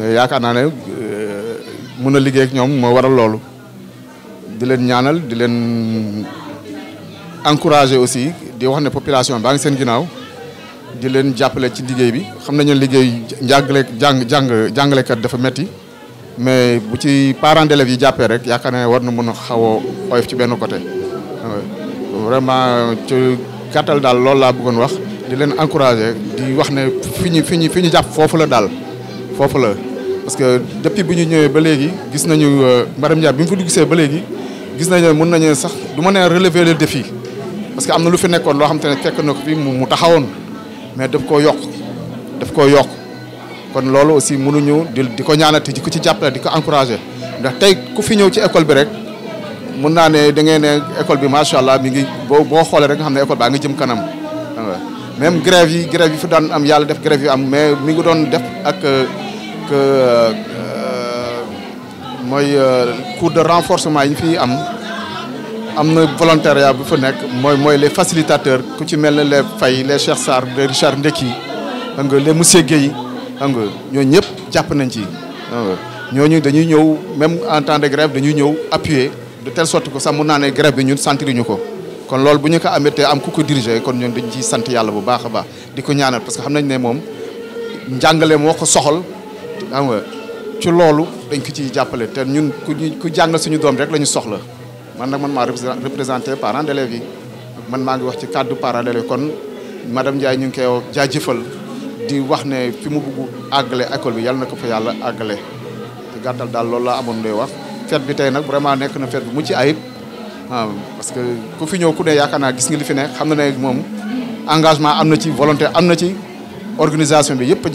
Euh, yaakaar naa ne euh, mun a liggéey ak ñoom moo waral loolu di leen ñaanal di leen encourager aussi di wax ne population baa ngi seen ginnaaw di leen jàppale ci liggéey bi xam nañu liggéey njàngale jàng jàng jàngalekat dafa metti mais bu ci parents d'élèves yi jàppee rek yaakaar na ne war na mun a xaw a oyof ci benn côté euh, vraiment ci gàttal daal loolu laa bëggoon wax di leen encourager di wax ne fi ñu fi ñu fi ñu jàpp foofu la daal foofu la parce que depuis bu ñu ñëwee ba léegi gis nañu euh, Mbarem Ndiaye bi mu fa dugg see ba léegi gis nañu mun nañu sax du ma nee relever le défi parce que am na lu fi nekkoon loo xam ne fekk na ko fi mu taxawoon mais daf koo yokk daf koo yokk kon loolu aussi mënuñu di di ko ñaanati di ko ci jàppale di ko encouragé ndax tey ku fi ñëw ci école bi rek mun naa ne da ngay école bi macha allah mi ngi boo boo xoolee rek nga xam ne école baa ngi jëm kanam même grève yi grève yi fi daan am yàlla def grève yi am mais mi ngi doon def ak. Euh, que euh, euh, moi euh, cours de renforcement yi am am nos volontariat bu fa moi moi les facilitateurs ku ci mel les Faye les Cheikh sar les Richard Ndeki xam nga les monsieur Guèye xam nga ñooñu ñëpp jàpp nañ ci xam dañuy même en temps de grève dañuy ñëw appuyer de telle sorte que ça mun naa grève bi ñun sentiruñu ko kon loolu bu ñu ko amee am ku ko diriger kon ñun dañ ciy sant yàlla bu baax a baax ñaanal parce que xam nañ ne jungle njàngale moo ko soxal xam ci loolu dañ ko ciy jàppale te ñun ku ku jàngal suñu doom rek la ñu soxla man na man maa représenté parents d'élèves yi man maa ngi wax ci cadre parents yi kon madame Ndiaye ñu ngi koy jëfal di wax ne fi mu bugg àggale école bi yàlla na ko fa yàlla àggale te gàttal daal loolu laa amoon doy wax fête bi tey nag vraiment nekk na fête bu mucc ayib parce que ku fi ñëw ku ne yaakaar naa gis nga li fi ne xam na ne moom engagement am na ci volonté am na ci organisation bi yëpp